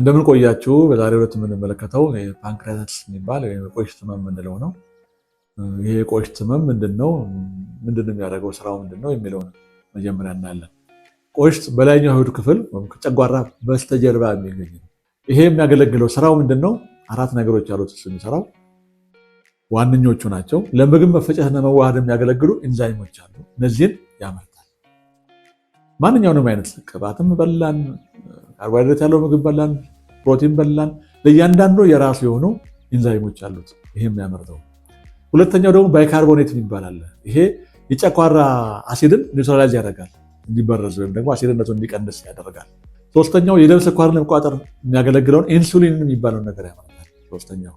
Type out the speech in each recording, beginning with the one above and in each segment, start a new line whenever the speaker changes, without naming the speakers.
እንደምን ቆያችሁ። በዛሬው ዕለት የምንመለከተው ፓንክሪያታይተስ የሚባል የቆሽት ህመም የምንለው ነው። ይሄ የቆሽት ህመም ምንድን ነው? ምንድን ነው የሚያደርገው? ስራው ምንድን ነው የሚለውን መጀመሪያ እናያለን። ቆሽት በላይኛው የሆድ ክፍል ከጨጓራ በስተጀርባ የሚገኝ ነው። ይሄ የሚያገለግለው ስራው ምንድን ነው? አራት ነገሮች ያሉት እሱ የሚሰራው ዋነኞቹ ናቸው። ለምግብ መፈጨትና መዋሃድ የሚያገለግሉ ኢንዛይሞች አሉ። እነዚህን ያመርታል። ማንኛውንም አይነት ቅባትም በላን ካርቦሃይድሬት ያለው ምግብ በላን፣ ፕሮቲን በላን። ለእያንዳንዱ የራሱ የሆኑ ኢንዛይሞች አሉት ይሄ የሚያመርተው። ሁለተኛው ደግሞ ባይካርቦኔት የሚባል አለ። ይሄ የጨኳራ አሲድን ኒውትራላይዝ ያደርጋል፣ እንዲበረዝ ወይም ደግሞ አሲድነቱ እንዲቀንስ ያደርጋል። ሶስተኛው የደም ስኳርን ለመቆጣጠር የሚያገለግለውን ኢንሱሊን የሚባለውን ነገር ያመርታል። ሶስተኛው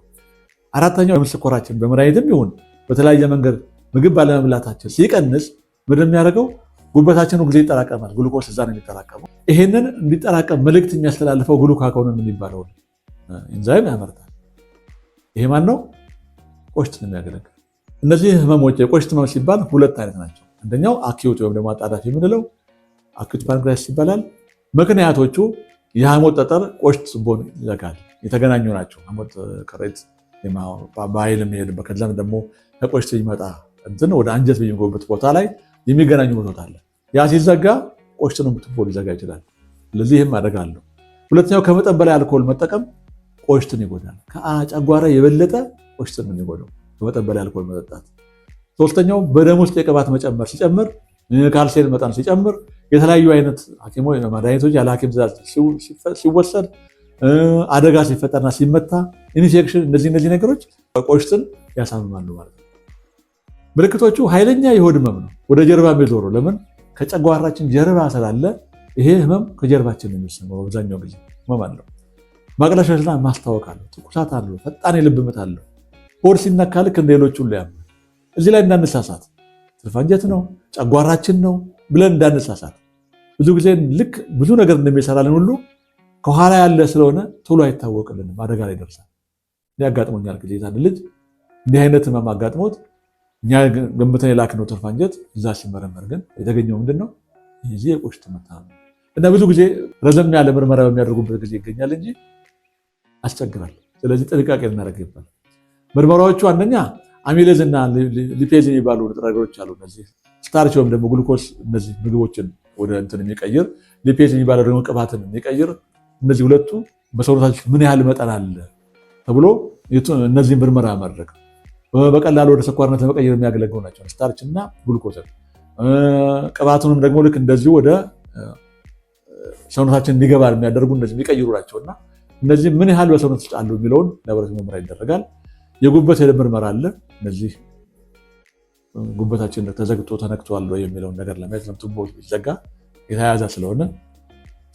አራተኛው የደም ስኳራችን በመድኃኒትም ይሁን በተለያየ መንገድ ምግብ ባለመብላታችን ሲቀንስ ምድ የሚያደርገው ጉበታችን ጊዜ ይጠራቀማል። ግሉኮስ እዛ ነው የሚጠራቀመው። ይሄንን እንዲጠራቀም መልእክት የሚያስተላልፈው ግሉካኮንን የሚባለው ኢንዛይም ያመርታል። ይሄ ማን ነው? ቆሽት ነው የሚያገለግል። እነዚህ ህመሞች የቆሽት ህመም ሲባል ሁለት አይነት ናቸው። አንደኛው አኪዩት ወይም ደግሞ አጣዳፊ የምንለው አኪዩት ፓንክሪያስ ይባላል። ምክንያቶቹ የሐሞት ጠጠር ቆሽት ቦን ይዘጋል። የተገናኙ ናቸው። ሐሞት ቅሬት በኃይል የሚሄድበት ከዚያም ደግሞ ከቆሽት ይመጣ እንትን ወደ አንጀት በሚጎበት ቦታ ላይ የሚገናኙ ቦታ አለ። ያ ሲዘጋ ቆሽትን ትቦ ሊዘጋ ይችላል። ለዚህም ይህም አደጋ አለው። ሁለተኛው ከመጠን በላይ አልኮል መጠቀም ቆሽትን ይጎዳል። ከጨጓራ የበለጠ ቆሽትን ነው የሚጎዳው ከመጠን በላይ አልኮል መጠጣት። ሶስተኛው በደም ውስጥ የቅባት መጨመር ሲጨምር ካልሲየም መጠን ሲጨምር የተለያዩ አይነት መድኃኒቶች ያለ ሐኪም ትዕዛዝ ሲወሰድ አደጋ ሲፈጠርና ሲመታ ኢንፌክሽን፣ እነዚህ እነዚህ ነገሮች ቆሽትን ያሳምማሉ ማለት ነው። ምልክቶቹ ኃይለኛ የሆድ ህመም ነው፣ ወደ ጀርባ የሚዞሩ ለምን? ከጨጓራችን ጀርባ ስላለ ይሄ ህመም ከጀርባችን የሚሰማው በአብዛኛው ጊዜ ህመም አለው። ማቅለሸሽና ማስታወቅ አለው፣ ትኩሳት አለው፣ ፈጣን የልብ ምት አለው። ሆድ ሲነካ ልክ እንደ ሌሎቹ እዚህ ላይ እንዳንሳሳት፣ ትርፍ አንጀት ነው ጨጓራችን ነው ብለን እንዳንሳሳት። ብዙ ጊዜ ልክ ብዙ ነገር እንደሚሰራልን ሁሉ ከኋላ ያለ ስለሆነ ቶሎ አይታወቅልንም፣ አደጋ ላይ ይደርሳል። ያጋጥሞኛል ጊዜ ልጅ እንዲህ አይነት ህመም አጋጥሞት እኛ ገምተን የላክነው ትርፍ አንጀት እዛ ሲመረመር ግን የተገኘው ምንድን ነው? ይህ የቆሽት ነው። እና ብዙ ጊዜ ረዘም ያለ ምርመራ በሚያደርጉበት ጊዜ ይገኛል እንጂ አስቸግራል። ስለዚህ ጥንቃቄ ልናደርግ ይባል። ምርመራዎቹ አንደኛ አሚሌዝ እና ሊፔዝ የሚባሉ ንጥረ ነገሮች አሉ። እነዚህ ስታርች ወይም ደግሞ ግሉኮስ እነዚህ ምግቦችን ወደ እንትን የሚቀይር ሊፔዝ የሚባለው ደግሞ ቅባትን የሚቀይር እነዚህ ሁለቱ በሰውነታችን ምን ያህል መጠን አለ ተብሎ እነዚህ ምርመራ ማድረግ በቀላሉ ወደ ስኳርነት ለመቀየር የሚያገለግሉ ናቸው ስታርች እና ግሉኮዘል። ቅባቱንም ደግሞ ልክ እንደዚሁ ወደ ሰውነታችን እንዲገባ የሚያደርጉ እነዚህ የሚቀይሩ ናቸው እና እነዚህ ምን ያህል በሰውነት ውስጥ አሉ የሚለውን ለህብረተሰቡ ምርመራ ይደረጋል። የጉበት የደም ምርመራ አለ። እነዚህ ጉበታችን ተዘግቶ ተነክቷል ወይ የሚለውን ነገር ለማየት ቱቦ ቢዘጋ የተያያዘ ስለሆነ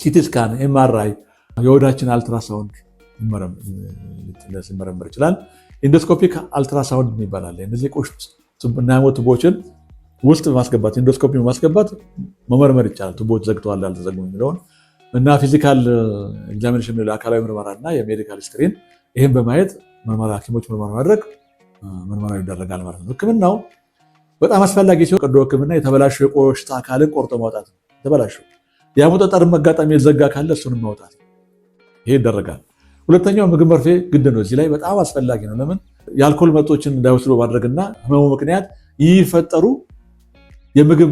ሲቲ ስካን፣ ኤምአርአይ፣ የወዳችን አልትራሳውንድ ሲመረምር ይችላል። ኢንዶስኮፒክ አልትራሳውንድ የሚባላል እነዚህ ቁሽት ናሞ ቱቦችን ውስጥ በማስገባት ኢንዶስኮፒ በማስገባት መመርመር ይቻላል። ቱቦች ዘግተዋል አልተዘጉ የሚለውን እና ፊዚካል ኤግዛሚኔሽን አካላዊ ምርመራ እና የሜዲካል ስክሪን ይህን በማየት ምርመራ ሐኪሞች ምርመራ ማድረግ ምርመራ ይደረጋል ማለት ነው። ህክምናው በጣም አስፈላጊ ሲሆን ቀዶ ህክምና የተበላሹ የቆሽት አካልን ቆርጦ ማውጣት ነው። የተበላሹ የአሞጣጠር መጋጣሚ የተዘጋ ካለ እሱንም ማውጣት ይሄ ይደረጋል። ሁለተኛው ምግብ መርፌ ግድ ነው። እዚህ ላይ በጣም አስፈላጊ ነው። ለምን የአልኮል መጦችን እንዳይወስዱ ማድረግና ህመሙ ምክንያት ይፈጠሩ የምግብ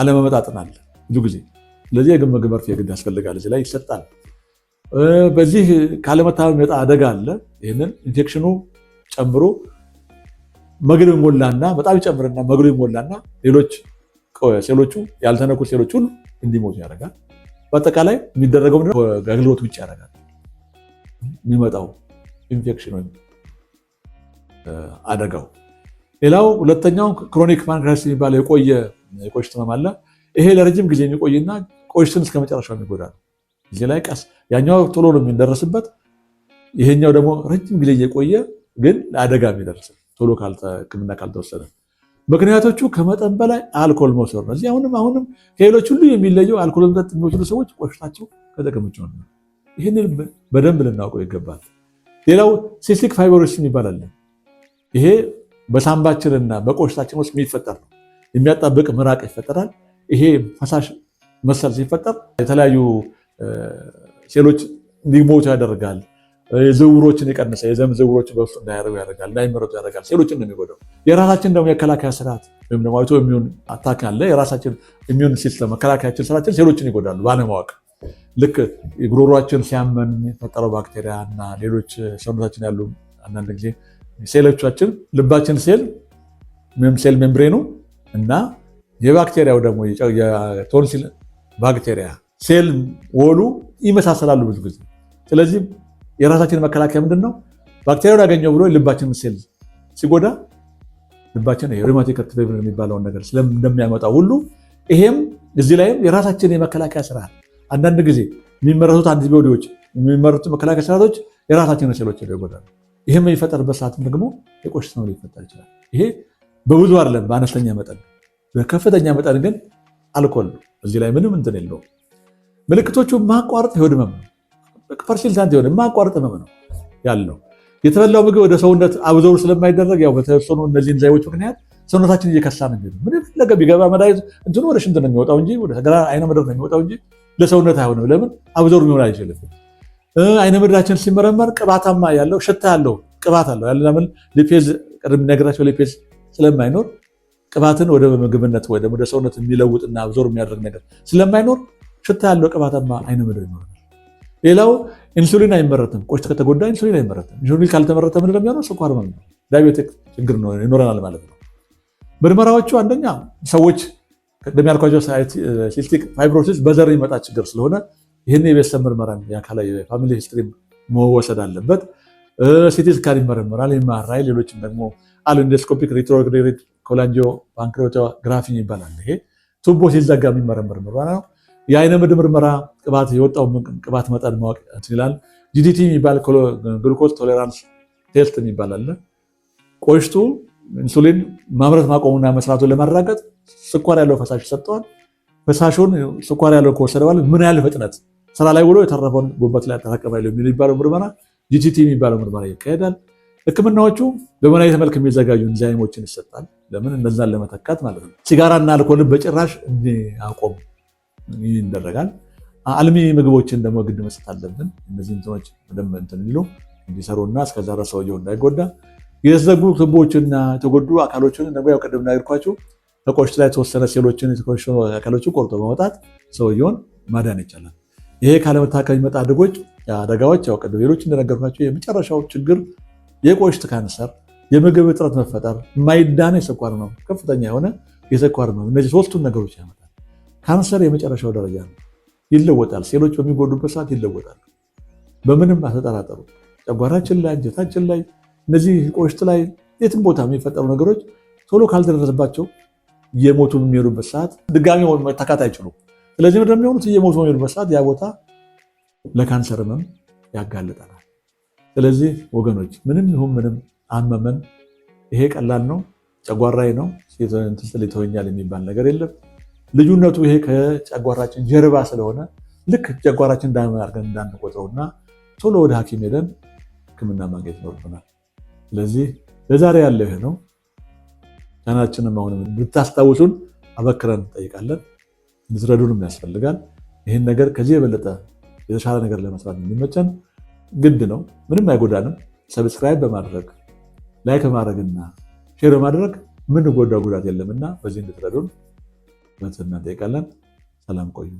አለመመጣጥን አለ ብዙ ጊዜ። ስለዚህ የግብ ምግብ መርፌ ግድ ያስፈልጋል። እዚህ ላይ ይሰጣል። በዚህ ካለመታመም የሚመጣ አደጋ አለ። ይህንን ኢንፌክሽኑ ጨምሮ መግል ይሞላና በጣም ይጨምርና መግሉ ይሞላና ሌሎች ሴሎቹ ያልተነኩ ሴሎች ሁሉ እንዲሞቱ ያደርጋል። በአጠቃላይ የሚደረገው አገልግሎት ውጭ ያደርጋል። የሚመጣው ኢንፌክሽን ወይም አደጋው። ሌላው ሁለተኛው ክሮኒክ ፓንክራስ የሚባለ የቆየ የቆሽት ህመም አለ። ይሄ ለረጅም ጊዜ የሚቆይና ቆሽትን እስከ መጨረሻው የሚጎዳ ነው። እዚህ ላይ ቀስ ያኛው ቶሎ ነው የሚደረስበት፣ ይሄኛው ደግሞ ረጅም ጊዜ እየቆየ ግን ለአደጋ የሚደርስ ቶሎ ህክምና ካልተወሰደ ምክንያቶቹ ከመጠን በላይ አልኮል መውሰድ ነው። እዚህ አሁንም አሁንም ከሌሎች ሁሉ የሚለየው አልኮል መጠጥ የሚወስዱ ሰዎች ቆሽታቸው ከጠቅምቸው ነው። ይህንን በደንብ ልናውቀው ይገባል። ሌላው ሲስቲክ ፋይበሮች ይባላል። አለ። ይሄ በሳምባችንና በቆሽታችን ውስጥ የሚፈጠር ነው። የሚያጣብቅ ምራቅ ይፈጠራል። ይሄ ፈሳሽ መሰል ሲፈጠር የተለያዩ ሴሎች እንዲሞቱ ያደርጋል። ዝውሮችን የቀነሰ የዘም ዝውሮችን በሱ እንዳያደርጉ ያደርጋል፣ እንዳይመረጡ ያደርጋል። ሴሎችን ነው የሚጎዳው። የራሳችን ደግሞ የከላከያ ስርዓት ወይም ደግሞ አውቶ ኢሚዩን አታክ አለ። የራሳችን ኢሚዩን ሲስተም መከላከያችን ስርዓችን ሴሎችን ይጎዳሉ ባለማወቅ ልክ የጉሮሯችን ሲያመን የሚፈጠረው ባክቴሪያ እና ሌሎች ሰውነታችን ያሉ አንዳንድ ጊዜ ሴሎቻችን ልባችን ሴል ሴል ሜምብሬኑ እና የባክቴሪያው ደግሞ የቶንሲል ባክቴሪያ ሴል ወሉ ይመሳሰላሉ ብዙ ጊዜ። ስለዚህ የራሳችን መከላከያ ምንድን ነው? ባክቴሪያውን ያገኘው ብሎ ልባችን ሴል ሲጎዳ ልባችን ሪማቲክ የሚባለውን ነገር እንደሚያመጣው ሁሉ ይሄም እዚህ ላይም የራሳችን የመከላከያ ስራ አንዳንድ ጊዜ የሚመረቱት አንቲቢዮቲኮች የሚመረቱት መከላከያ ስርዓቶች የራሳቸውን ሴሎች ሄደው ይጎዳሉ። ይህም የሚፈጠርበት ሰዓትም ደግሞ የቆሽት ነው ሊፈጠር ይችላል። ይሄ በብዙ አይደለም፣ በአነስተኛ መጠን፣ በከፍተኛ መጠን ግን አልኮል እዚህ ላይ ምንም እንትን የለውም። ምልክቶቹ ማቋረጥ የሆድ ህመም ነው። ፐርሲልታንት የሆነ ማቋረጥ ህመም ነው ያለው። የተበላው ምግብ ወደ ሰውነት አብዞሩ ስለማይደረግ ያው በተወሰኑ እነዚህ ኢንዛይሞች ምክንያት ሰውነታችን እየከሳ ነው። ምን ፈለገ ቢገባ መድኃኒት እንትኑ ወደ ሽንት ነው የሚወጣው እንጂ ወደ ገላ አይነ መደብ ነው የሚወጣው እንጂ ለሰውነት አይሆንም። ለምን አብዞር የሚሆን አይችልም። አይነ ምድራችን ሲመረመር ቅባታማ ያለው ሽታ ያለው ቅባት አለው ያለ ለምን ሊፔዝ ቅድም ነገራቸው ሊፔዝ ስለማይኖር ቅባትን ወደ ምግብነት ወይ ወደ ሰውነት የሚለውጥና አብዞር የሚያደርግ ነገር ስለማይኖር ሽታ ያለው ቅባታማ አይነ ምድር ይኖራል። ሌላው ኢንሱሊን አይመረትም። ቆሽት ከተጎዳ ኢንሱሊን አይመረትም። ኢንሱሊን ካልተመረተ ምን ለሚሆነው ስኳር ማለት ነው። ዳይቤቲክ ችግር ይኖረናል ማለት ነው። ምርመራዎቹ አንደኛ ሰዎች ቅድም ያልኳቸው ሲስቲክ ፋይብሮሲስ በዘር የሚመጣ ችግር ስለሆነ ይህን የቤተሰብ ምርመራ የአካላዊ ፋሚሊ ሂስትሪ መወሰድ አለበት። ሲቲ ስካን ይመረመራል። ይማራይ ሌሎችም ደግሞ አሉ። ኢንዶስኮፒክ ኮላንጆ ኮላንጂዮ ፓንክሬቶግራፊ ይባላል። ይሄ ቱቦ ሲዘጋ የሚመረምር ምርመራ ነው። የአይነ ምድ ምርመራ ቅባት የወጣው ቅባት መጠን ማወቅ ይችላል። ጂዲቲ የሚባል ግሉኮዝ ቶሌራንስ ቴስት የሚባል አለ። ቆሽቱ ኢንሱሊን ማምረት ማቆሙና መስራቱን ለማረጋገጥ ስኳር ያለው ፈሳሽ ይሰጠዋል። ፈሳሹን ስኳር ያለው ከወሰደ በኋላ ምን ያህል ፍጥነት ስራ ላይ ውሎ የተረፈውን ጉበት ላይ ያጠራቀማል የሚባለው ምርመራ ጂቲቲ የሚባለው ምርመራ ይካሄዳል። ህክምናዎቹ በመናየት መልክ የሚዘጋጁ ኢንዛይሞችን ይሰጣል። ለምን እነዛን ለመተካት ማለት ነው። ሲጋራና አልኮልን በጭራሽ እንዲያቆም ይደረጋል። አልሚ ምግቦችን ደግሞ ግድ መስጠት አለብን። እነዚህ እንትኖች በደንብ እንትን እንዲሉ እንዲሰሩና እስከዛ ሰውየው እንዳይጎዳ የተዘጉ ክቦችና የተጎዱ አካሎችን ነ ያው ቅድም ነገርኳችሁ ከቆሽት ላይ የተወሰነ ሴሎችን የተቆሸ አካሎችን ቆርጦ በመውጣት ሰውየውን ማዳን ይቻላል። ይሄ ካለመታከም የሚመጣ አደጎች አደጋዎች ያው ቅድም ሌሎች እንደነገርኳቸው የመጨረሻው ችግር የቆሽት ካንሰር፣ የምግብ እጥረት መፈጠር፣ የማይዳነ የስኳር ህመም፣ ከፍተኛ የሆነ የስኳር ህመም፣ እነዚህ ሶስቱን ነገሮች ያመጣል። ካንሰር የመጨረሻው ደረጃ ነው። ይለወጣል። ሴሎች በሚጎዱበት ሰዓት ይለወጣል። በምንም አተጠራጠሩ ጨጓራችን ላይ አንጀታችን ላይ እነዚህ ቆሽት ላይ የትም ቦታ የሚፈጠሩ ነገሮች ቶሎ ካልደረሰባቸው እየሞቱ የሚሄዱበት ሰዓት ድጋሚ መታካት አይችሉም። ስለዚህ ምንድን የሚሆኑት? እየሞቱ የሚሄዱበት ሰዓት ያ ቦታ ለካንሰር ህመም ያጋልጠናል። ስለዚህ ወገኖች ምንም ይሁን ምንም አመመን፣ ይሄ ቀላል ነው፣ ጨጓራይ ነው ትስል ይተወኛል የሚባል ነገር የለም። ልዩነቱ ይሄ ከጨጓራችን ጀርባ ስለሆነ ልክ ጨጓራችን እንዳመ አድርገን እንዳንቆጥረውና ቶሎ ወደ ሐኪም ሄደን ህክምና ማግኘት ይኖርብናል። ስለዚህ ለዛሬ ያለ ይህ ነው። ቻናችንም አሁን ብታስታውሱን አበክረን እንጠይቃለን። እንድትረዱንም ያስፈልጋል። ይህን ነገር ከዚህ የበለጠ የተሻለ ነገር ለመስራት እንዲመቸን ግድ ነው። ምንም አይጎዳንም። ሰብስክራይብ በማድረግ ላይክ በማድረግና ሼር በማድረግ ጎዳ ጉዳት የለምና በዚህ እንድትረዱን በትህትና እንጠይቃለን። ሰላም ቆዩ።